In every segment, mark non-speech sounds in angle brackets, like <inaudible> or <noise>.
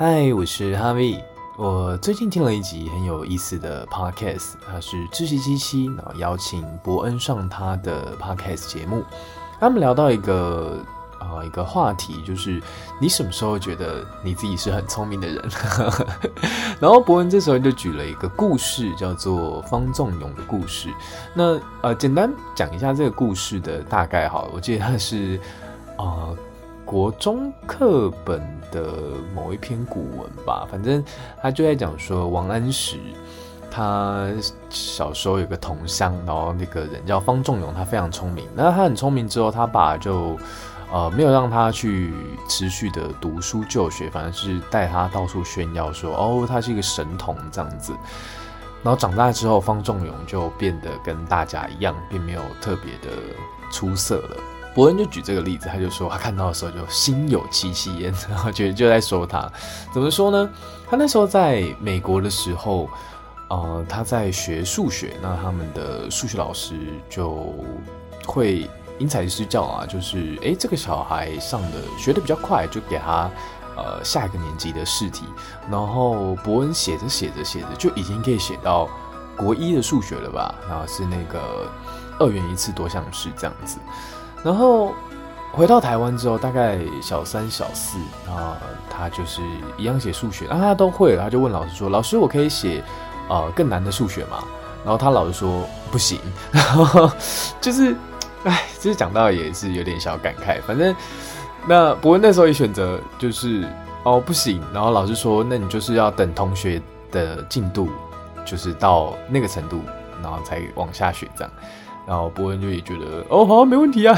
嗨，我是 Harvie。我最近聽了一集很有意思的 podcast，它是知識七七，然後邀請博恩上他的 podcast 節目。他們聊到一個啊、呃、一個話題，就是你什麼時候覺得你自己是很聰明的人？ <laughs> 然後博恩這時候就舉了一個故事，叫做方仲永的故事。那呃，簡單講一下這個故事的大概哈。我記得他是呃。國中課本的某一篇古文吧，反正他就在講說王安石，他小時候有個同鄉，然後那個人叫方仲永，他非常聰明。那他很聰明之後，他爸就呃沒有讓他去持續的讀書就學，反而是帶他到處炫耀說哦他是一個神童這樣子。然後長大之後，方仲永就變得跟大家一樣，並沒有特別的出色了。伯恩就舉這個例子，他就說他看到的時候就心有戚戚焉，然後就就在說他怎麼說呢？他那時候在美國的時候，呃，他在學數學，那他們的數學老師就會因材施教啊，就是哎這個小孩上的學得比較快，就給他呃下一個年級的試題。然後伯恩寫着寫着寫着，就已經可以寫到國一的數學了吧？然後是那個二元一次多項式這樣子。然後回到台灣之後，大概小三、小四，然後他就是一樣寫數學，啊，然後他都會了，他就問老師說：“老師，我可以寫啊、呃、更難的數學嗎？”然後他老師說：“不行。”然後就是，哎，其實講到也是有點小感慨。反正那不過那時候也選擇就是哦不行，然後老師說：“那你就是要等同學的進度，就是到那個程度，然後才往下選這樣。”然後伯恩就也覺得哦好沒問題啊，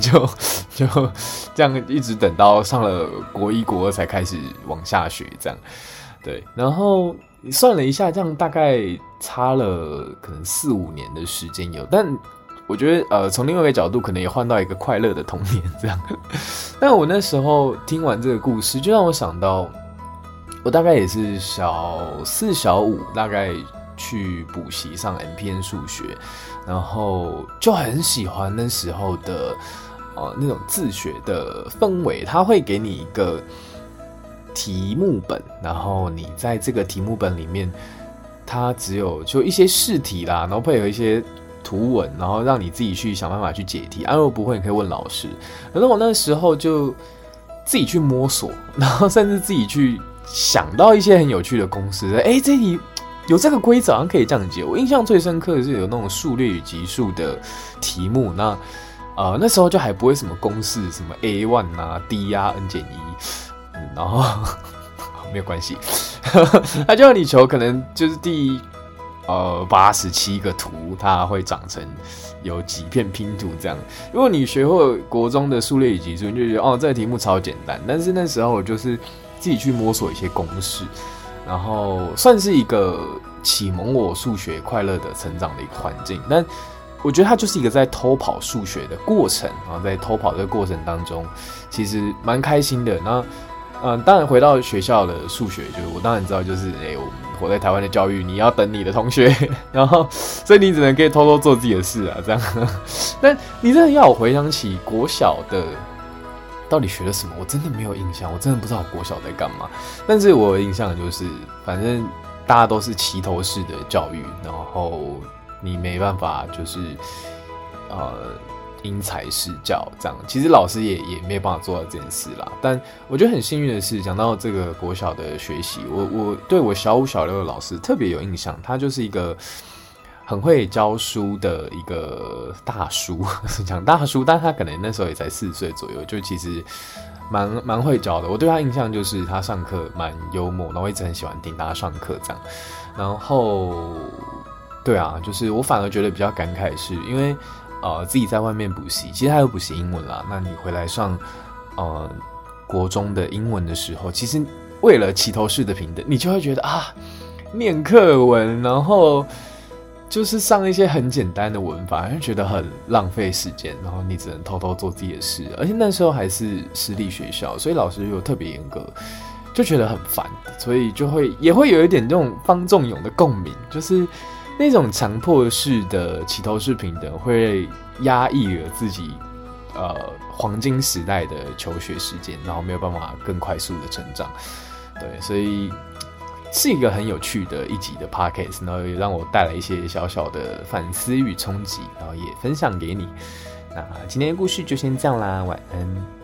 就就這樣一直等到上了國一國二，才開始往下學，這樣對。然後算了一下，這樣大概差了可能四五年的時間有，但我覺得呃從另外一個角度，可能也換到一個快樂的童年這樣。但我那時候聽完這個故事，就讓我想到我大概也是小四小五大概。去補習上 MPN 數學，然後就很喜歡那時候的呃那種自學的氛圍。他會給你一個題目本，然後你在這個題目本裡面，他只有就一些試題啦，然後配有一些圖文，然後讓你自己去想辦法去解題。啊，如果不會，你可以問老師。然後我那時候就自己去摸索，然後甚至自己去想到一些很有趣的公司。哎、欸，這題。有這個規則，好像可以這樣解。我印象最深刻的是有那種數列與級數的題目。那啊、呃，那時候就還不會什麼公式，什麼 a one 啊，d 啊，n 減一、嗯，然後呵呵沒有關係。他、啊、就要你求，可能就是第呃八十七個圖，它會長成有幾片拼圖這樣。如果你學會國中的數列與級數，你就覺得哦，這個、題目超簡單。但是那時候我就是自己去摸索一些公式。然後算是一個啟蒙我數學快樂的成長的一個環境，但我覺得它就是一個在偷跑數學的過程啊，在偷跑這個過程當中，其實蠻開心的。那、呃、當然回到學校的數學，就是我當然知道，就是誒，我們活在台灣的教育，你要等你的同學，然後所以你只能可以偷偷做自己的事啊，這樣。但你真的要我回想起國小的，到底學了什麼？我真的沒有印象，我真的不知道我國小在幹嘛。但是我印象就是，反正大家都是齊頭式的教育，然後你沒辦法就是，呃，因材施教這樣。其實老師也也沒辦法做到這件事啦。但我覺得很幸運的是，講到這個國小的學習，我我對我小五小六的老師特別有印象，他就是一個。很會教書的一個大叔，講大叔，但是他可能那時候也才四十歲左右，就其實蠻蠻會教的。我對他印象就是他上課蠻幽默，然後我一直很喜歡聽他上課這樣。然後，對啊，就是我反而覺得比較感慨是，是因為、呃、自己在外面補習，其實他有補習英文啦。那你回來上、呃、國中的英文的時候，其實為了齊頭式的平等，你就會覺得啊，念課文，然後。就是上一些很簡單的文法，就覺得很浪費時間，然後你只能偷偷做自己的事，而且那時候還是私立學校，所以老師又特別嚴格，就覺得很煩，所以就會也會有一點這種方仲永的共鳴，就是那種強迫式的齊頭式平等，會壓抑了自己，呃，黃金時代的求學時間，然後沒有辦法更快速的成長，對，所以。是一個很有趣的一集的 Podcast，然後也讓我帶來一些小小的反思與衝擊，然後也分享給你。那今天的故事就先這樣啦，晚安。